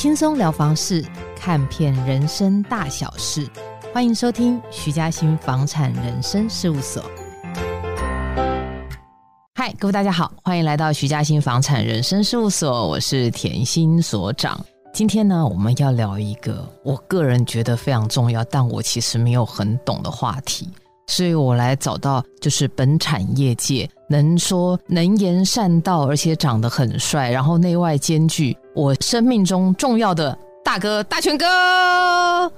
輕鬆聊房事，看遍人生大小事，歡迎收聽徐嘉欣房產人生事務所。嗨，各位大家好，歡迎來到徐嘉欣房產人生事務所，我是甜心所長。今天呢，我們要聊一個我個人覺得非常重要，但我其實沒有很懂的話題。所以我來找到就是本產業界能說能言善道，而且長得很帥，然後內外兼具，我生命中重要的大哥大全哥。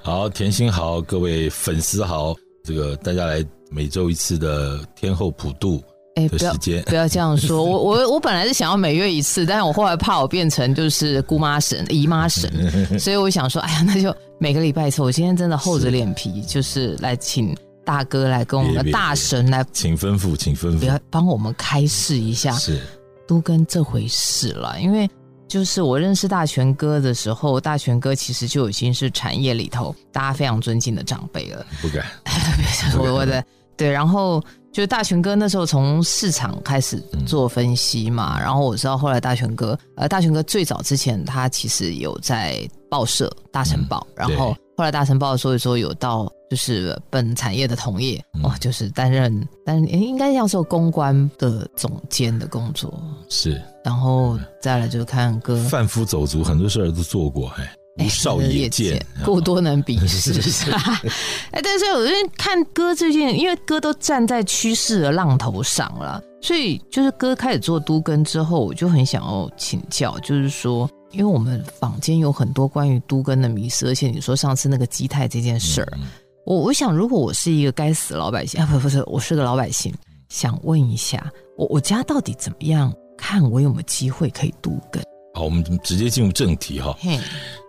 好，田心好，各位粉絲好，這個大家來每周一次的天后普渡的時間。哎、欸，不要不要這樣說，我我我本來是想要每月一次， 但是我後來怕我變成就是姑媽神、姨媽神， 所以我想說，哎呀，那就每個禮拜一次。我今天真的厚着臉皮，就是來請。大哥來跟我們的大神來別別別。請吩咐，請吩咐，幫我們開示一下，是都更這回事了。因為就是我認識大全哥的時候，大全哥其實就已經是產業裡頭大家非常尊敬的長輩了。不敢， 我我得對。然後就是大全哥那時候從市場開始做分析嘛、嗯，然後我知道後來大全哥，呃，大全哥最早之前他其實有在報社《大成報》，嗯，然後後來大神《大成報》說一說有到。就是本產業的同業哦、嗯，就是擔任擔任應該要做公關的總監的工作是，然後再來就是看哥販夫走卒，很多事兒都做過、嗯、哎，少爺見、那個業界啊、過多能比是不是，是、啊？哎， 但是我覺得看哥最近，因為哥都站在趨勢的浪頭上了，所以就是哥開始做都更之後，我就很想要請教，就是說，因為我們坊間有很多關於都更的迷思，而且你說上次那個基泰這件事兒。嗯嗯我我想，如果我是一個該死的老百姓啊，不是不是，我是個老百姓，想問一下，我我家到底怎麼樣？看我有沒有機會可以都更？好，我們直接進入正題哈。嘿、哦，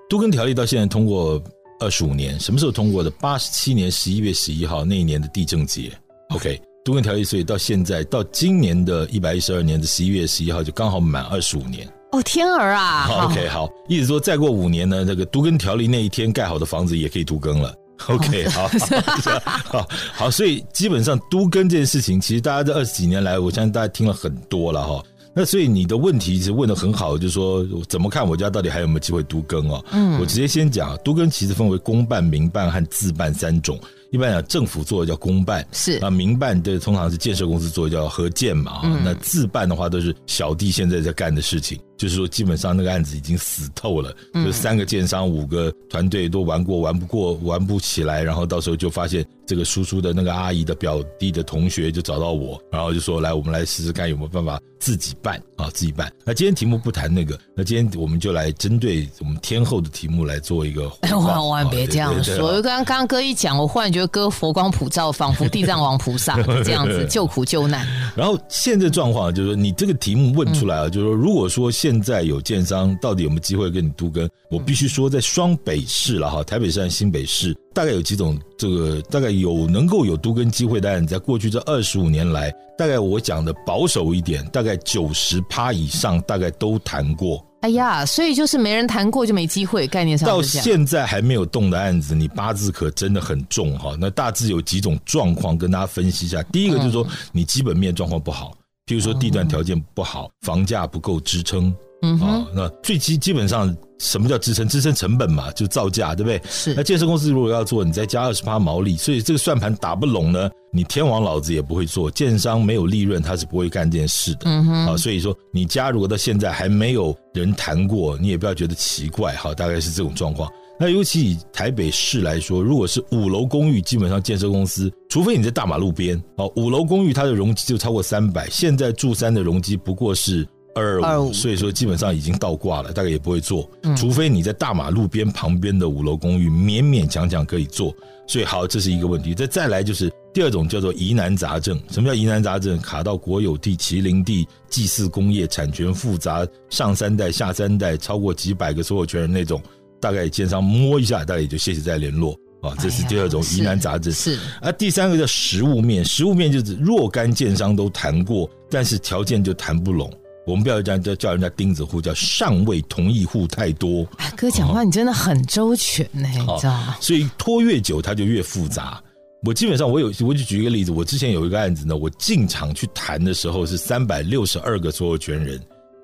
都更條例到現在通過二十五年，什麼時候通過的？八十七年十一月十一號，那一年的地政節。OK，都、哦、更條例所以到現在到今年的一百一十二年的十一月十一號，就剛好滿二十五年。哦天兒啊好、哦、！OK，好，意思說再過五年呢，那個都更條例那一天蓋好的房子也可以都更了。OK，好,好,好， 好，好，所以基本上都更這件事情，其實大家這二十幾年來，我相信大家聽了很多了哈、哦。那所以你的問題其實問得很好，就是說怎麼看我家到底還有沒有機會都更哦。嗯，我直接先講，都更其實分為公辦、民辦和自辦三種。一般講，政府做的叫公辦，是啊，民辦這通常是建設公司做的叫合建嘛。嗯啊、那自辦的話，都是小弟現在在幹的事情，就是說基本上那個案子已經死透了，嗯、就是、三個建商五個團隊都玩過，玩不過，玩不起來，然後到時候就發現這個叔叔的那個阿姨的表弟的同學就找到我，然後就說來，我們來試試看有沒有辦法自己辦啊，自己辦。那今天題目不談那個，那今天我們就來針對我們天後的題目來做一個。哎，千萬別這樣說，啊、我剛剛哥一講，我忽然就。就歌佛光普照，仿佛地藏王菩薩這樣子救 苦救難。然後現在狀況就是說，你這個題目問出來啊，嗯、就是說，如果說現在有建商，到底有沒有機會跟你都更，我必須說，在雙北市了哈，台北市，還是新北市，大概有幾種這個，大概有能夠有都更機會的案，你在過去這二十五年來，大概我講的保守一點，大概九十趴以上，大概都談過。哎呀，所以就是沒人談過就沒機會，概念上。到現在還沒有動的案子，你八字可真的很重哈。那大致有幾種狀況，跟大家分析一下。第一個就是說，你基本面狀況不好，譬如說地段條件不好，房價不夠支撐。嗯哼，哦、那最基基本上什麼叫支撐支撐成本嘛，就造價對不對？是。那建設公司如果要做，你再加二十趴毛利，所以這個算盤打不攏呢，你天王老子也不會做。建商沒有利潤，他是不會幹這件事的。嗯哼，啊、哦，所以說你家如果到現在還沒有人談過，你也不要覺得奇怪哈，大概是這種狀況。那尤其以台北市來說，如果是五樓公寓，基本上建設公司，除非你在大馬路邊哦，五樓公寓它的容積就超過三百，現在住三的容積不過是。二,二,五二五，所以說基本上已經倒掛了、嗯，大概也不會做。除非你在大馬路邊旁邊的五樓公寓，勉勉強強可以做。所以，好，這是一個問題。再再來就是第二種叫做疑難雜症。什麼叫疑難雜症？卡到國有地、畸零地、祭祀公業產權複雜，上三代、下三代超過幾百個所有權人那種，大概建商摸一下，大概也就謝謝再聯絡啊。這是第二種疑難雜症。哎、是啊，是第三個叫實務面，實務面就是若干建商都談過、嗯，但是條件就談不攏。我們不要這樣叫叫人家釘子戶，叫尚未同意戶太多。哎、哥講話你真的很周全呢、欸， 你知道嗎？所以拖越久，它就越複雜。我基本上，我有我就舉一個例子，我之前有一個案子呢，我進場去談的時候是三百六十二個所有權人，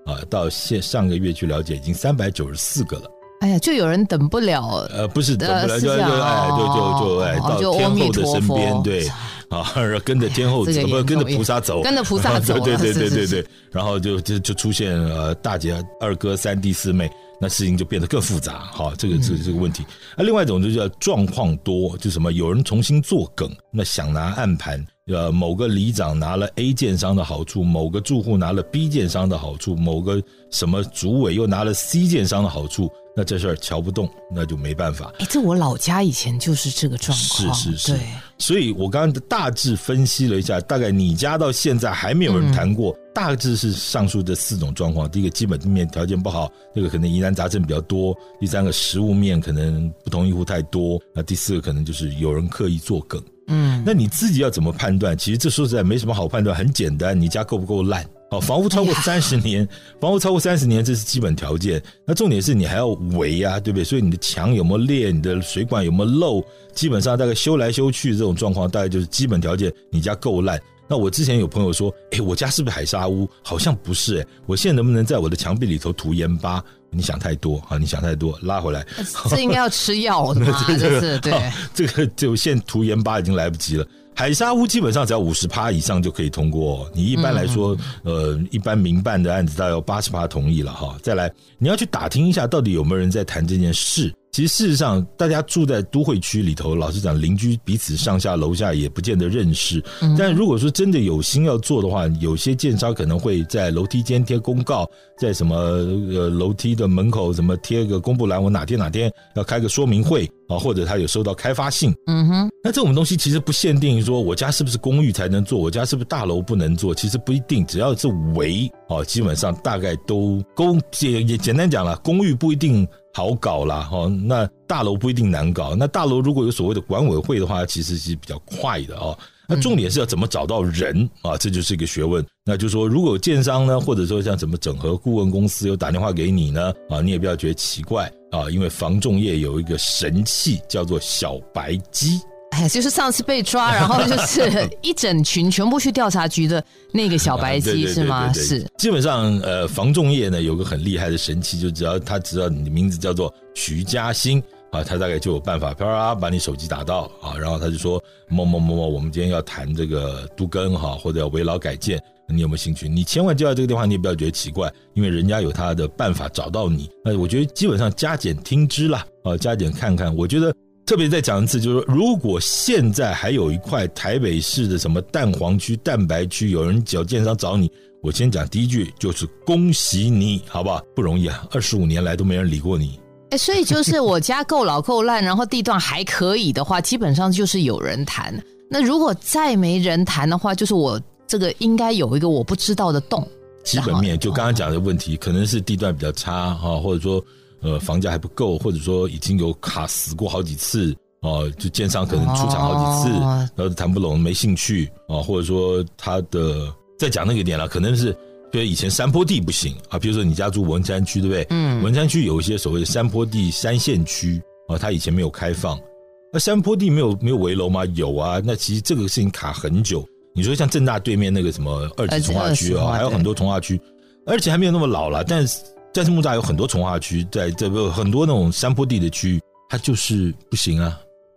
啊，到現上個月去了解，已經三百九十四個了。哎呀，就有人等不了。呃，不是等不了，哎，就就就哎、哦，到天後的身邊，哦、對。啊、 哎這個，跟着天後，什麼跟着菩薩走，跟着菩薩走，對對對對對。然後就就就出現呃大姐、二哥、三弟、四妹，那事情就變得更複雜。好，這個這個這個問題、嗯。那、啊啊、另外一種就叫狀況多，就什麼有人重新作梗，那想拿暗盤。呃，某個里長拿了 A 建商的好處，某個住戶拿了 B 建商的好處，某個什麼主委又拿了 C 建商的好處，那這事兒瞧不動，那就沒辦法。哎，這我老家以前就是這個狀況，是是是。對，所以我剛剛大致分析了一下，大概你家到現在還沒有人談過，嗯、大致是上述這四種狀況：第一個，基本面條件不好；那個，可能疑難雜症比較多；第三個，實務面可能不同意戶太多；那第四個，可能就是有人刻意作梗。嗯，那你自己要怎麼判斷？其實這說實在沒什麼好判斷，很簡單，你家夠不夠爛啊？房屋超過三十年，哎，房屋超過三十年，這是基本條件。那重點是你還要危呀，啊，對不對？所以你的牆有沒有裂，你的水管有沒有漏，基本上大概修來修去這種狀況，大概就是基本條件。你家夠爛？那我之前有朋友說，誒，我家是不是海沙屋？好像不是誒、欸，我現在能不能在我的牆壁裡頭塗鹽巴？你想太多啊！你想太多，拉回來，這應該要吃藥、啊，真 的、這個、是對。這個就現塗鹽巴已經來不及了。海沙屋基本上只要五十趴以上就可以通過、哦。你一般來說、嗯，呃，一般民辦的案子大概八十趴同意了哈、哦。再來，你要去打聽一下，到底有沒有人在談這件事。其實，事實上，大家住在都會區裡頭，老實講，鄰居彼此上下樓下也不見得認識。但如果說真的有心要做的話，有些建商可能會在樓梯間貼公告，在什麼呃樓梯的門口什麼貼個公布欄，我哪天哪天要開個說明會啊，或者他有收到開發信，嗯哼。那這種東西其實不限定說我家是不是公寓才能做，我家是不是大樓不能做，其實不一定，只要是危啊，基本上大概都公也也簡單講了，公寓不一定。好搞啦，哈！那大樓不一定難搞，那大樓如果有所謂的管委會的話，其實是比較快的哦。那重點是要怎麼找到人啊？這就是一個學問。那就是說，如果建商呢，或者說像怎麼整合顧問公司，有打電話給你呢？啊，你也不要覺得奇怪啊，因為房仲業有一個神器叫做小白雞。就是上次被抓，然後就是一整群全部去調查局的那個小白雞是嗎、？ 啊？是。基本上呃，房仲業呢，有個很厲害的神器，就只要他知道你的名字叫做徐嘉欣啊，他大概就有辦法啪啦把你手機打到啊，然後他就說某某某某，我們今天要談這個都更哈、啊，或者要危老改建，你有沒有興趣？你千萬接到這個電話，你也不要覺得奇怪，因為人家有他的辦法找到你。那、啊、我覺得基本上加減聽之啦，啊，加減看看，我覺得。特別再講一次，就是說，如果現在還有一塊台北市的什麼蛋黃區、蛋白區，有人找建商找你，我先講第一句，就是恭喜你，好不好？不容易啊，二十五年來都沒人理過你。哎，所以就是我家夠老夠爛，然後地段還可以的話，基本上就是有人談。那如果再沒人談的話，就是我這個應該有一個我不知道的洞。基本面就剛剛講的問題，可能是地段比較差哈，或者說。呃，房價還不夠，或者說已經有卡死過好幾次啊、呃，就建商可能出場好幾次，哦、然後談不攏，沒興趣啊、呃，或者說他的、嗯、再講那個點了，可能是比如以前山坡地不行啊，比如說你家住文山區，對不對？嗯，文山區有一些所謂的山坡地、山限區啊、呃，它以前沒有開放，嗯、那山坡地沒有沒有危樓嗎？有啊，那其實這個事情卡很久。你說像政大對面那個什麼二級重劃區啊，還有很多重劃區，而且還沒有那麼老了，但是。但是木柵有很多重劃區，在這個很多那種山坡地的區域，它就是不行啊。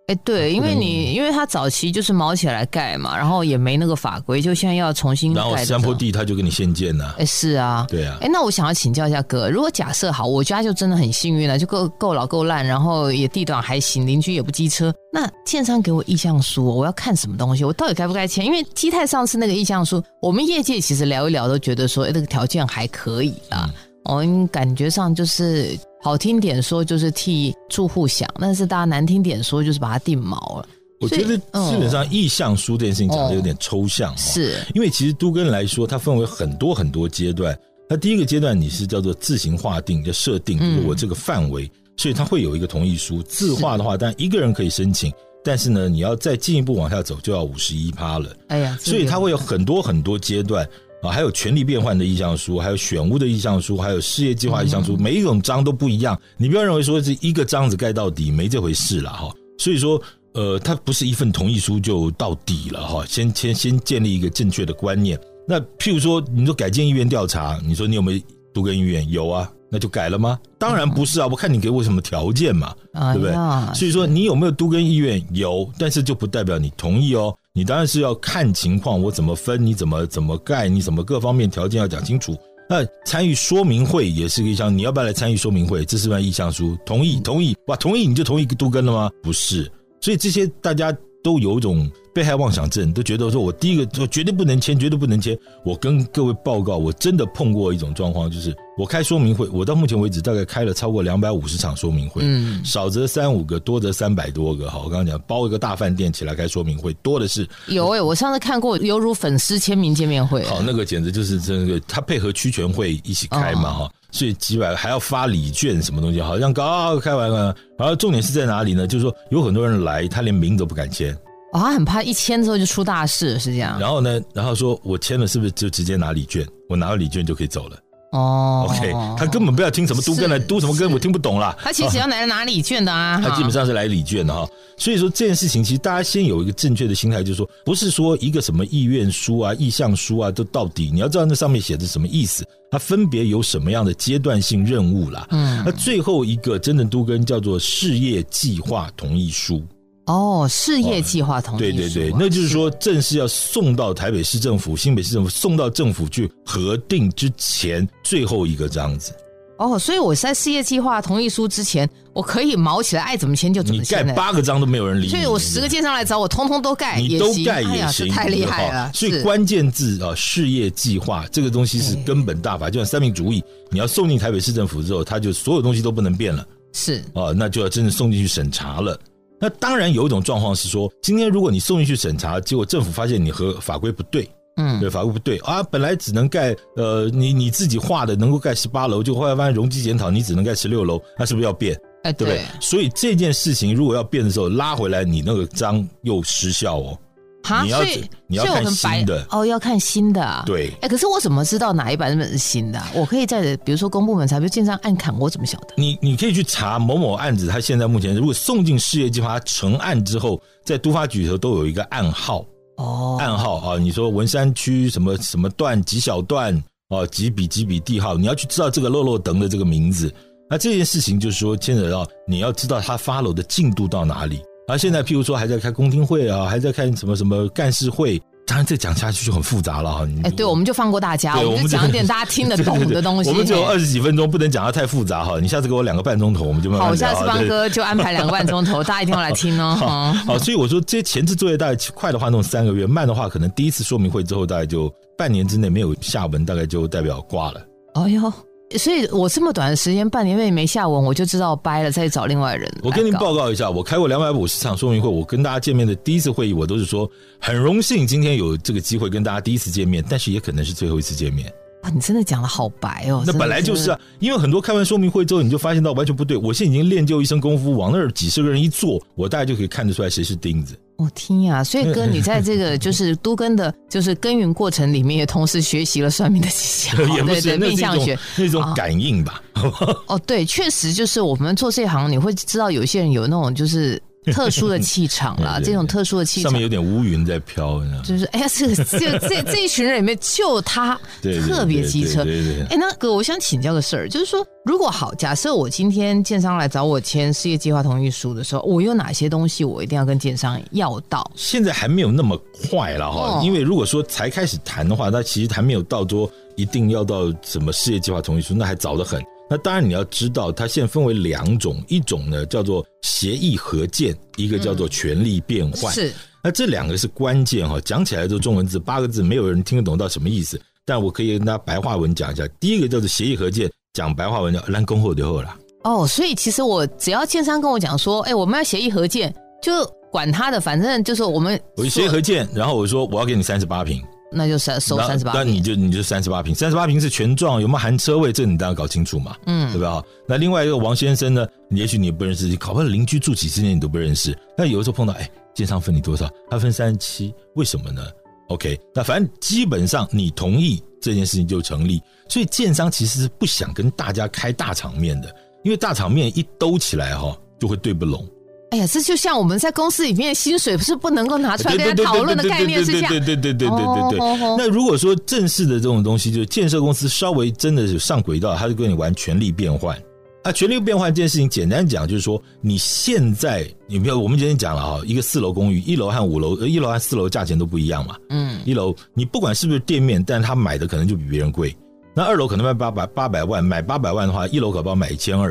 哎，對，因為你因為它早期就是毛起來蓋嘛，然後也沒那個法規，就現在要重新。然後山坡地他就給你限建呢、啊。欸、是啊，對啊。哎、欸，那我想要請教一下哥，如果假設好，我家就真的很幸運了、啊，就夠夠老夠爛，然後也地段還行，鄰居也不機車。那建商給我意向書、哦，我要看什麼東西？我到底該不該簽？因為基泰上次那個意向書，我們業界其實聊一聊都覺得說，哎、欸，這、那個條件還可以啊。嗯我、哦、們感覺上就是好聽點說，就是替住戶想；但是大家難聽點說，就是把它定毛了。我覺得基本上意向書這件事情講得有點抽象、哦哦，是因為其實都更來說，它分為很多很多階段。它第一個階段你是叫做自行劃定、就設定，我這個範圍、嗯，所以它會有一個同意書。自劃的話，當然一個人可以申請，是但是呢，你要再進一步往下走，就要五十一趴了。哎呀，所以它會有很多很多階段。啊，還有權力變換的意向書，還有選屋的意向書，還有事業計劃意向書、嗯，每一種章都不一樣。你不要認為說是一個章子蓋到底，沒這回事了哈。所以說，呃，它不是一份同意書就到底了哈。先先先建立一個正確的觀念。那譬如說，你說改建意願調查，你說你有沒有都更意願？有啊？那就改了嗎？當然不是啊。嗯、我看你給我什麼條件嘛，嗯、對不對？啊、所以說，你有沒有都更意願？有，但是就不代表你同意哦。你當然是要看情況，我怎麼分，你怎麼怎麼蓋，你怎麼各方面條件，要講清楚。那參與說明會也是一項，你要不要來參與說明會？這是份意向書，同意同意，哇，同意你就同意都更了嗎？不是，所以這些大家都有種，被害妄想症都覺得說，我第一個就絕對不能簽，絕對不能簽。我跟各位報告，我真的碰過一種狀況，就是我開說明會，我到目前為止大概開了超過兩百五十場說明會，嗯，少則三五個，多則三百多個。好，我剛剛講包一個大飯店起來開說明會，多的是有哎、欸，我上次看過猶如粉絲簽名見面會，好，那個簡直就是真的，他配合區權會一起開嘛哈、哦，所以幾百個還要發禮券什麼東西，好像剛剛開完了然，然後重點是在哪裡呢？就是說有很多人來，他連名都不敢簽。哦，他很怕一簽之後就出大事，是這樣。然後呢，然後說我簽了是不是就直接拿禮券？我拿到禮券就可以走了。哦，OK，他根本不要聽什麼都更來都什麼更，我聽不懂啦。他其實要來拿禮券的啊、哦。他基本上是來禮券的哈、哦。所以說這件事情，其實大家先有一個正確的心態，就是說，不是說一個什麼意願書啊、意向書啊，都到底你要知道那上面寫的什麼意思，它分別有什麼樣的階段性任務啦。嗯。那最後一個真的都更叫做事業計劃同意書。哦，事業計劃同意書、啊哦，對對對，那就是說，正式要送到台北市政府、新北市政府，送到政府去核定之前最後一個章子。哦，所以我在事業計劃同意書之前，我可以毛起來，愛怎麼簽就怎麼簽。你蓋八個章都沒有人理你，所以我十個建商來找、嗯、我，通通都蓋，你都蓋也行，哎也行哎、太厲害了。所以關鍵字啊、哦，事業計劃這個東西是根本大法，嗯、就像三民主義，你要送進台北市政府之後，它就所有東西都不能變了。是哦，那就要真的送進去審查了。那當然有一種狀況是說，今天如果你送進去審查，結果政府發現你和法規不對，嗯，對，法規不對啊，本來只能蓋呃，你你自己畫的能夠蓋十八樓，就後來發現容積檢討，你只能蓋十六樓，那是不是要變？欸、對，對不對？所以這件事情如果要變的時候，拉回來你那個章又失效哦。啊，所以，你要你要看新的哦，要看新的啊，對，哎，可是我怎麼知道哪一版本是新的？我可以在比如說公部門才會見上暗案砍，我怎麼曉得？你你可以去查某某案子，他現在目前如果送進事業計劃成案之後，在都發局裡頭都有一個案號哦，案號啊，你說文山區什麼什麼段幾小段哦啊幾筆幾筆地號，你要去知道這個落落等的這個名字，那這件事情就是說，牽扯到你要知道他 follow 的進度到哪裡。而、啊、現在，譬如說，還在開公聽會啊，還在開什麼什麼幹事會，當然這講下去就很複雜了。哎、欸，對，我們就放過大家，我們，我們講一點大家聽得懂的東西。對對對對，我們就有二十幾分鐘，不能講得太複雜哈。你下次給我兩個半鐘頭，我們就慢慢。好，我下次邦哥就安排兩個半鐘頭， 大家一定要來聽哦。好，所以我說這些前置作業，大概快的話弄三個月，慢的話可能第一次說明會之後，大概就半年之內沒有下文，大概就代表掛了。哦、哎、喲。所以，我這麼短的時間，半年內沒下文，我就知道掰了，再去找另外人。我跟您報告一下，我開過兩百五十場說明會，我跟大家見面的第一次會議，我都是說很榮幸今天有這個機會跟大家第一次見面，但是也可能是最後一次見面啊、哦！你真的講得好白哦，那本來就是啊，因為很多開完說明會之後，你就發現到完全不對。我現在已經練就一身功夫，往那兒幾十個人一坐，我大概就可以看得出來誰是釘子。我聽呀、啊，所以哥，你在這個就是都更的，就是耕耘過程裡面，也同時學習了算命的技巧，對對，面相學那種感應吧。哦， 哦，對，確實就是我們做這行，你會知道有些人有那種就是，特殊的氣場啦、啊， 這種特殊的氣場上面有點烏雲在飄，就是 哎呀，這這這這一群人裡面就他 特別機車，對對對對對對對對。哎，那哥，我想請教個事兒，就是說，如果好，假設我今天建商來找我簽事業計劃同意書的時候，我有哪些東西我一定要跟建商要到？現在還沒有那麼快了哈、哦，因為如果說才開始談的話，那其實還沒有到說一定要到什麼事業計劃同意書，那還早得很。那當然，你要知道，它，現在分為兩種，一種呢叫做協議合建，一個叫做權利變換。嗯、是，那這兩個是關鍵哈、哦，講起來都中文字八個字，沒有人聽得懂到什麼意思。但我可以跟大家白話文講一下，第一個叫做協議合建，講白話文叫“咱講好就好了”。哦，所以其實我只要建商跟我講說，哎，我們要協議合建，就管他的，反正就是我們我協議合建，然後我說我要給你三十八平。那就三收三十八，那你就你就三十八平，三十八平是全幢，有沒有含車位？這你當然搞清楚嘛，嗯，對吧？那另外一個王先生呢？也許你不認識，你搞不好鄰居住幾十年你都不認識。那有的時候碰到，哎，建商分你多少？他分三十七，為什麼呢？OK，那反正基本上你同意這件事情就成立。所以建商其實是不想跟大家開大場面的，因為大場面一兜起來哈、哦，就會對不攏。哎呀，這就像我們在公司裡面薪水不是不能夠拿出來跟大家討論的概念，是這樣。對對對對對,對對對對對對對。那如果說正式的這種東西，就是建設公司稍微真的是上軌道，他就跟你玩權力變換。啊，權力變換這件事情，簡單講就是說，你現在你不要，我們今天講了哈，一個四樓公寓，一樓和五樓、一樓和四樓價錢都不一樣嘛。嗯，一樓你不管是不是店面，但他買的可能就比別人貴。那二樓可能賣八百八百萬，買八百萬的話，一樓搞不好買一千二，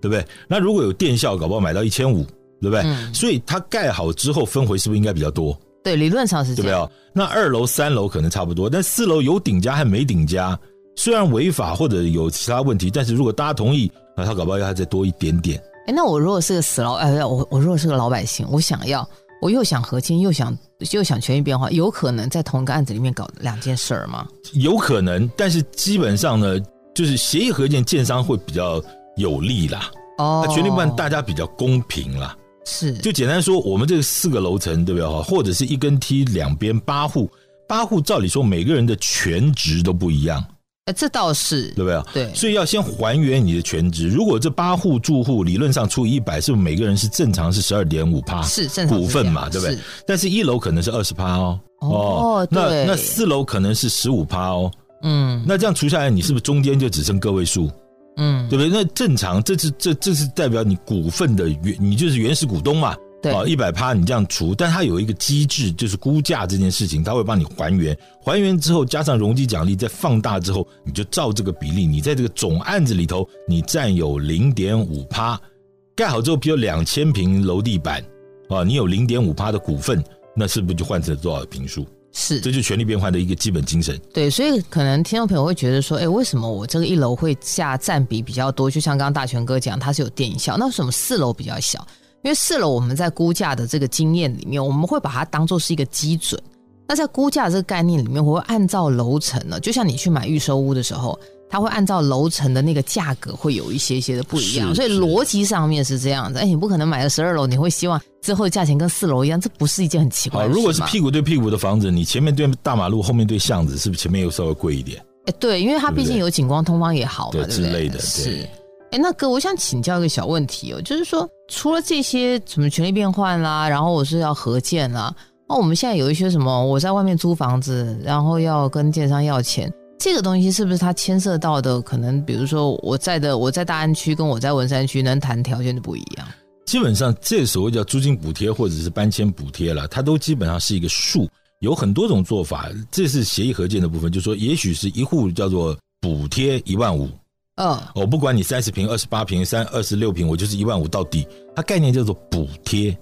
對不對？那如果有電效，搞不好買到一千五。對不對？嗯，所以它蓋好之後分回，是不是應該比較多？對，理論上是這樣。那二樓、三樓可能差不多，但四樓有頂加還沒頂加，雖然違法或者有其他問題，但是如果大家同意，那他搞不好要他再多一點點。哎，那我如果是個危老，哎，我，我如果是個老百姓，我想要，我又想合建又想又想權益變化，有可能在同一個案子裡面搞兩件事兒嗎？有可能，但是基本上呢，就是協議合建建商會比較有利啦。哦，那權利部大家比較公平啦。是，就簡單說，我們這個四個樓層，對不對哈？或者是一根梯兩邊八戶，八戶照理說每個人的權值都不一樣，欸、這倒是，對不對？對，所以要先還原你的權值。如果這八戶住戶理論上除以一百，是不是每個人是正常是十二點五趴？是正常股份嘛，對不對？但是一樓可能是二十趴哦，哦，那對那四樓可能是十五趴哦，嗯，那這樣除下來，你是不是中間就只剩個位數？嗯，對不對？那正常，這是這這是代表你股份的原，你就是原始股東嘛。對，啊，一百趴你這樣除，但它有一個機制，就是估價這件事情，它會幫你還原。還原之後加上容積獎勵，再放大之後，你就照這個比例，你在這個總案子裡頭，你占有零點五趴。蓋好之後，比如兩千平樓地板，啊，你有零點五趴的股份，那是不是就換成了多少平數？是，這就是權利變換的一個基本精神。對，所以可能聽眾朋友會覺得說，哎、欸，為什麼我這個一樓會價占比比較多？就像剛剛大全哥講，它是有電影效。那為什麼四樓比較小？因為四樓我們在估價的這個經驗裡面，我們會把它當做是一個基準。那在估價的這個概念裡面，我會按照樓層呢。就像你去買預售屋的時候。它會按照樓層的那個價格會有一些一些的不一樣，所以邏輯上面是這樣的。哎，你不可能買了十二樓，你會希望之後的價錢跟四樓一樣，這不是一件很奇怪的事。事如果是屁股對屁股的房子，你前面對大馬路，後面對巷子，是不是前面又稍微貴一點？哎，對，因為它畢竟有景觀、通風也好，對對對之類的。對是，哎、那個我想請教一個小問題哦，就是說除了這些什麼權利變換啦、啊，然後我是要合建啦、啊，那、哦、我們現在有一些什麼，我在外面租房子，然後要跟建商要錢。這個東西是不是它牽涉到的？可能比如說我在的，我在大安區跟我在文山區能談條件的不一樣。基本上這所謂叫租金補貼或者是搬遷補貼了，它都基本上是一個數，有很多種做法。這是協議合建的部分，就說也許是一戶叫做補貼一萬五。嗯，我、哦、不管你三十平、二十八平、三二十六平，我就是一萬五到底。它概念叫做補貼，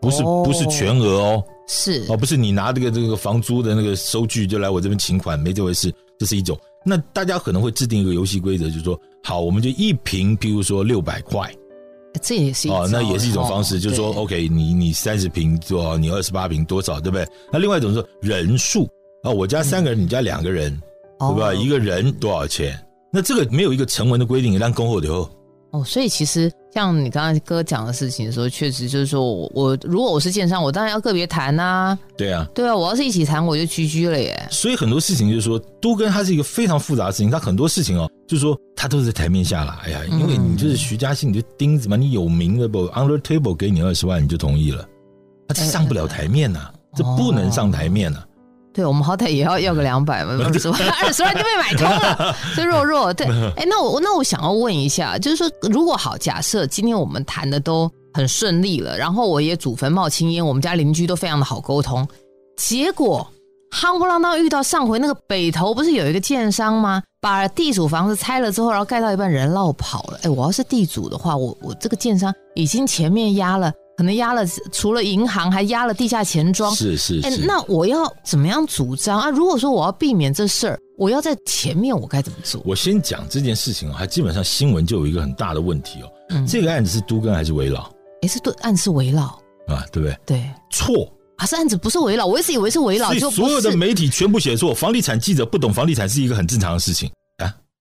不是、哦、不是全額哦，是哦不是你拿這個這個房租的那個收據就來我這邊請款，沒這回事。這是一種，那大家可能會制定一個遊戲規則，就是說，好，我們就一坪，譬如說六百塊，這也是一種，啊、哦哦，那也是一種方式，哦、就是說，OK，你你三十坪多少，你二十八坪多少，對不對？那另外一種是說人數啊、哦，我家三個人，嗯、你家兩個人，對、嗯、吧、哦？一個人多少錢、嗯？那這個沒有一個成文的規定，讓公和留哦，所以其實。像你剛剛哥講的事情的時候，確實就是說我我如果我是建商，我當然要個別談吶、啊。對啊，對啊，我要是一起談，我就 GG 了耶。所以很多事情就是說，都更它是一個非常複雜的事情。它很多事情哦，就是說它都是在台面下了。哎呀，因為你就是徐嘉欣，你就釘子嘛，你有名的不 under table 給你二十萬，你就同意了。他上不了台面吶、啊哎呃，這不能上台面吶、啊。哦對，我們好歹也要要個兩百嘛，二十萬，二十萬就被買通了。所以 弱弱，對，哎，那我那我想要問一下，就是說，如果好假設今天我們談的都很順利了，然後我也祖墳冒青煙，我們家鄰居都非常的好溝通，結果，夯不啷噹遇到上回那個北投不是有一個建商嗎？把地主房子拆了之後，然後蓋到一半人落跑了。哎，我要是地主的話，我我這個建商已經前面壓了。可能壓了，除了銀行還壓了地下錢莊。是是是、欸。哎，那我要怎麼樣主張啊？如果說我要避免這事兒，我要在前面我該怎麼做？我先講這件事情啊，基本上新聞就有一個很大的問題哦、嗯。這個案子是都更還是危老？哎、欸，是對，案是危老。啊？對不對？對。錯啊！是案子不是危老，我一直以為是危老，所有的媒體全部寫錯，房地產記者不懂房地產是一個很正常的事情。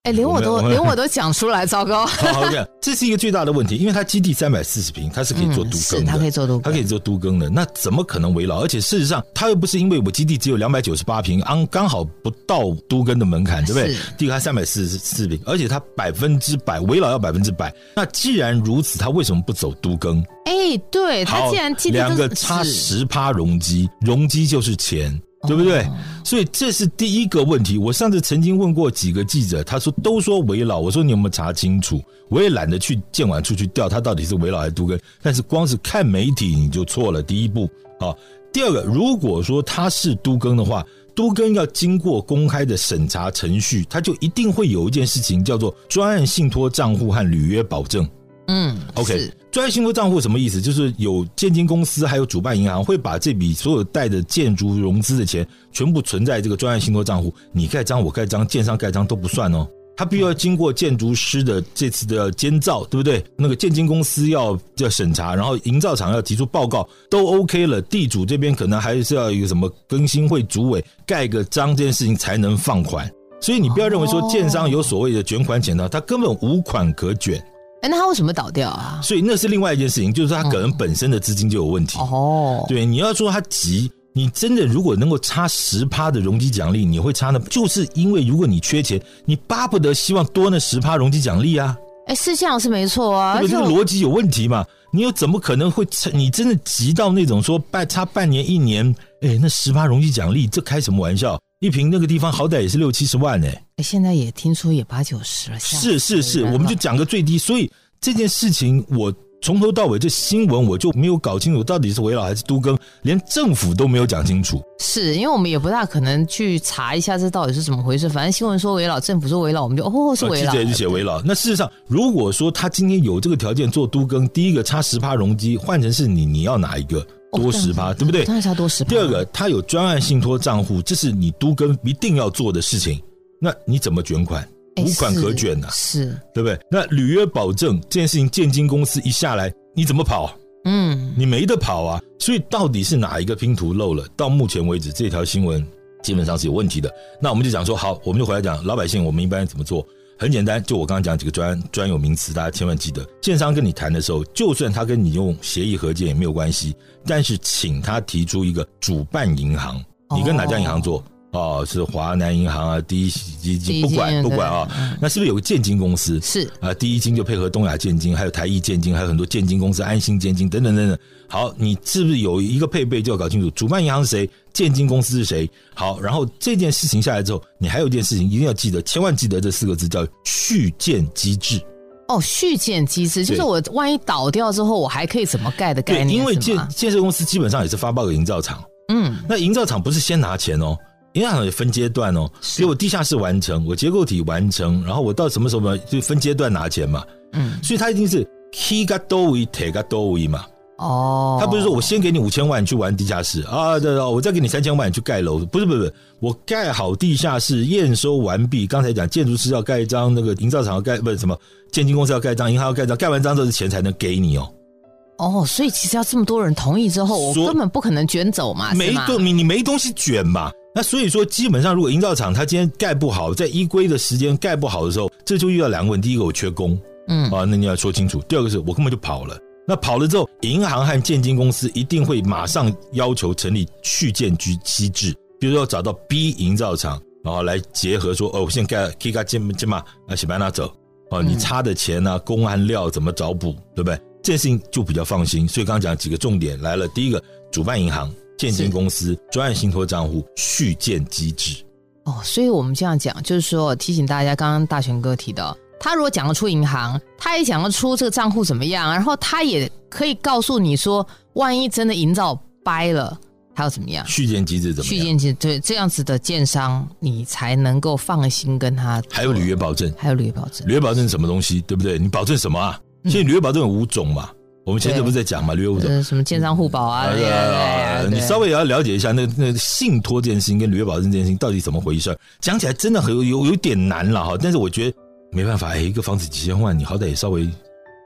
哎、欸，連我都我我連我都講出來， 糟糕！好好 okay，這是一個最大的問題，因為它基地三百四十坪，它是可以做都更的。嗯，是他都更，它可以做都更，可以做都更的。那怎麼可能危老？而且事實上，他又不是因為我基地只有兩百九十八坪，剛剛好不到都更的門檻，對不對？地還三百四十四坪，而且它百分之百危老要百分之百。那既然如此，他為什麼不走都更？哎、欸，對他既然基地兩個差十趴容積，容積就是錢。對不對、哦？所以這是第一個問題。我上次曾經問過幾個記者，他說都說危老。我說你有沒有查清楚？我也懶得去建管處去調他到底是危老還是都更。但是光是看媒體你就錯了第一步。好，第二個，如果說他是都更的話，都更要經過公開的審查程序，他就一定會有一件事情叫做專案信托賬戶和履約保證。嗯，OK。專案信托賬戶什麼意思？就是有建金公司，還有主辦銀行，會把這筆所有貸的建築融資的錢，全部存在這個專案信托賬戶。你蓋章，我蓋章，建商蓋章都不算哦。他必須要經過建築師的這次的監造，對不對？那個建金公司要要審查，然後營造廠要提出報告，都 OK 了。地主這邊可能還是要有什麼更新會主委蓋個章，這件事情才能放款。所以你不要認為說建商有所謂的卷款潛逃，他根本無款可卷。欸、那他為什麼倒掉啊？所以那是另外一件事情，就是他可能本身的資金就有問題、嗯。哦，對，你要說他急，你真的如果能夠差十趴的容積獎勵，你會差呢？就是因為如果你缺錢，你巴不得希望多那十趴容積獎勵啊！哎、欸，是這樣是沒錯啊，這個邏輯有問題嘛？你又怎麼可能會，你真的急到那種說半差半年一年？哎、欸，那十趴容積獎勵，這開什麼玩笑？一平那個地方好歹也是六七十萬呢、欸，現在也聽說也八九十了、了。是是是，我們就講個最低。所以這件事情，我從頭到尾這新聞我就沒有搞清楚到底是危老還是都更，連政府都沒有講清楚。是因為我們也不大可能去查一下這到底是怎麼回事。反正新聞說危老，政府說危老，我們就哦、哦是危老。啊、記者就寫危老。那事實上，如果說他今天有這個條件做都更，第一個差十趴容積，換成是你，你要哪一個？多十八，哦，對不對要多？第二個，他有專案信託賬戶，嗯、這是你都更一定要做的事情。那你怎麼捲款？無款可捲吶、啊。是對不對？那履約保證這件事情，建金公司一下來，你怎麼跑？嗯，你沒得跑啊！所以到底是哪一個拼圖漏了？到目前為止，這條新聞基本上是有問題的。嗯、那我們就講說，好，我們就回來講老百姓，我們一般怎麼做？很簡單，就我剛剛講幾個專專有名詞，大家千萬記得。建商跟你談的時候，就算他跟你用協議合建也沒有關係，但是請他提出一個主辦銀行，你跟哪家銀行做？哦，就是華南銀行啊，第一基金不管 D, 不管啊，那是不是有個建金公司？是、嗯、啊，第一金就配合東亞建金，還有台億建金，還有很多建金公司，安心建金等等等等。好，你是不是有一個配備就要搞清楚？主辦銀行是誰，建金公司是誰？好，然後這件事情下來之後，你還有一件事情一定要記得，千萬記得這四個字叫續建機制。哦，續建機制就是我萬一倒掉之後，我還可以怎麼蓋的概念？因為建建設公司基本上也是發包給營造廠。嗯，那營造廠不是先拿錢哦。銀行也分階段哦，所以我地下室完成是，我結構體完成，然後我到什麼什麼就分階段拿錢嘛。嗯，所以他一定是 K 加多維，T 加多維嘛。哦，他不是說我先給你五千萬去玩地下室啊？對吧？我再給你三千萬去蓋樓，不是，不是，不是，我蓋好地下室驗收完畢，剛才講建築師要蓋章，那個營造廠要蓋，不是什麼建金公司要蓋章，銀行要蓋章，蓋完章之後的錢才能給你哦。哦，所以其實要這麼多人同意之後，我根本不可能捲走嘛，沒東你你沒東西捲嘛。那所以說，基本上如果營造廠它今天蓋不好，在依規的時間蓋不好的時候，這就遇到兩個問題，第一個我缺工，嗯啊，那你要說清楚；第二個是我根本就跑了。那跑了之後，銀行和建經公司一定會馬上要求成立續建機制，比如說找到 B 營造廠，然後來結合說：哦，我先現在蓋，可以蓋建建嘛？那想辦法走。哦、啊，你差的錢呢、啊，工和料怎麼找補，對不對？這件事情就比較放心。所以剛剛講幾個重點來了：第一個，主辦銀行。建建公司專業信托賬戶續建機制哦，所以我們這樣講，就是說提醒大家，剛剛大全哥提到，他如果講得出銀行，他也講得出這個賬戶怎麼樣，然後他也可以告訴你說，萬一真的營造掰了，還要怎麼樣？續建機制怎麼樣？續建機制對這樣子的建商，你才能夠放心跟他。還有履約保證，還有履約保證，履約保證是什麼東西？對不對？你保證什麼啊？其實履約保證有五種嘛。嗯我們前陣不是在講嘛、呃，什麼建商互保啊？嗯、yeah, yeah, yeah, yeah, 你稍微也要了解一下那那信託這件事跟履約保證這件事到底怎麼回事？講起來真的很有有點難了哈。但是我覺得沒辦法，一個房子幾千萬，你好歹也稍微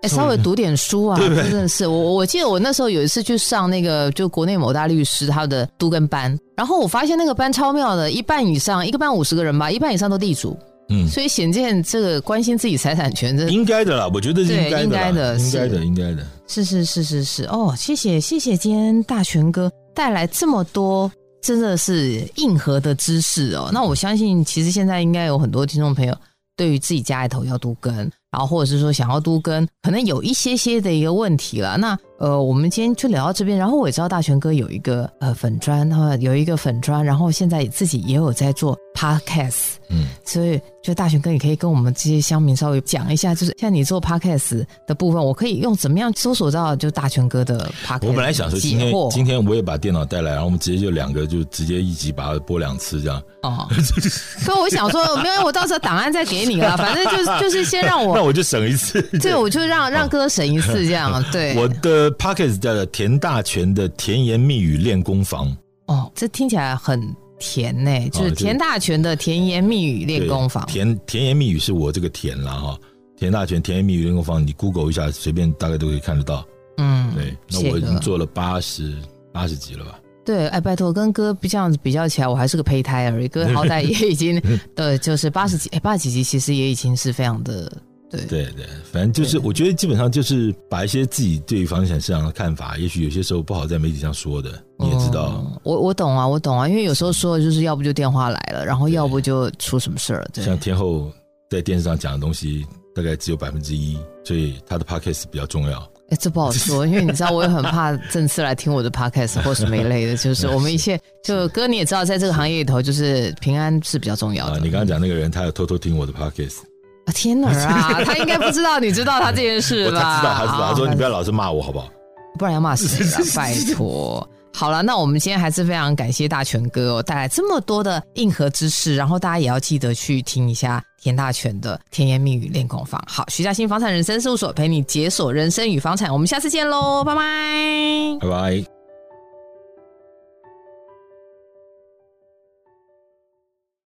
哎稍、欸、稍微讀點書啊。真的是我我記得我那時候有一次去上那個就國內某大律師他的都更班，然後我發現那個班超妙的，一半以上一個班五十個人吧，一半以上都地主，嗯，所以顯見這個關心自己財產權的應該的啦，我覺得是應該的、的、的、的，應該的，應該的。是是是是是哦，謝謝謝謝，今天大全哥帶來這麼多，真的是硬核的知識哦。那我相信，其實現在應該有很多聽眾朋友，對於自己家裡頭要都更，然後或者是說想要都更，可能有一些些的一個問題了。那呃，我們今天就聊到這邊。然後我也知道大全哥有一個呃粉專，然後有一個粉專。然後現在自己也有在做 podcast，嗯，所以就大全哥也可以跟我們這些鄉民稍微講一下，就是像你做 podcast 的部分，我可以用怎麼樣搜索，到就大全哥的 podcast？我本來想說今天今天我也把電腦帶來，然後我們直接就兩個就直接一集把它播兩次這樣。哦， 所以我想說，沒有，我到時候檔案再給你了、啊。反正就就是先讓我，那我就省一次。對，就我就讓讓哥省一次這樣。哦、對，我的。Podcast 叫做田大全的甜言蜜語練功房哦，這聽起來很甜呢？欸，就是田大全的甜言蜜語練功房。甜甜言蜜語是我這個甜啦。哈，田大全甜言蜜語練功房，你 Google 一下，隨便大概都可以看得到。嗯，對，那我已經做了八十八十集了吧？對，哎，拜托，跟哥不這樣子比較起來，我還是個胚胎而已。哥好歹也已經， 對，就是八十幾，八十幾集其實也已經是非常的。對對對，反正就是，我覺得基本上就是把一些自己對於房地產市場的看法，也許有些時候不好在媒體上說的，你也知道。哦，我我懂啊，我懂啊，因為有時候說就是要不就電話來了，然後要不就出什麼事兒。像天后在電視上講的東西大概只有百分之一，所以他的 podcast 比較重要。哎，這不好說，因為你知道我也很怕正式來聽我的 podcast 或是沒類的，就是我們一切 就哥你也知道，在這個行業裡頭，就是平安是比較重要的。你剛剛講那個人，他要偷偷聽我的 podcast。天哪兒，啊！他應該不知道你知道他這件事吧？ 他知道，他知道。他說：“你不要老是罵我，好不好？不然要罵死了，啊、 拜托，好了，那我們今天還是非常感謝大全哥哦，帶來這麼多的硬核知識，然後大家也要記得去聽一下田大全的甜言蜜語練功房。好，徐家新房產人生事務所陪你解鎖人生與房產，我們下次見嘍，嗯，拜拜，拜拜。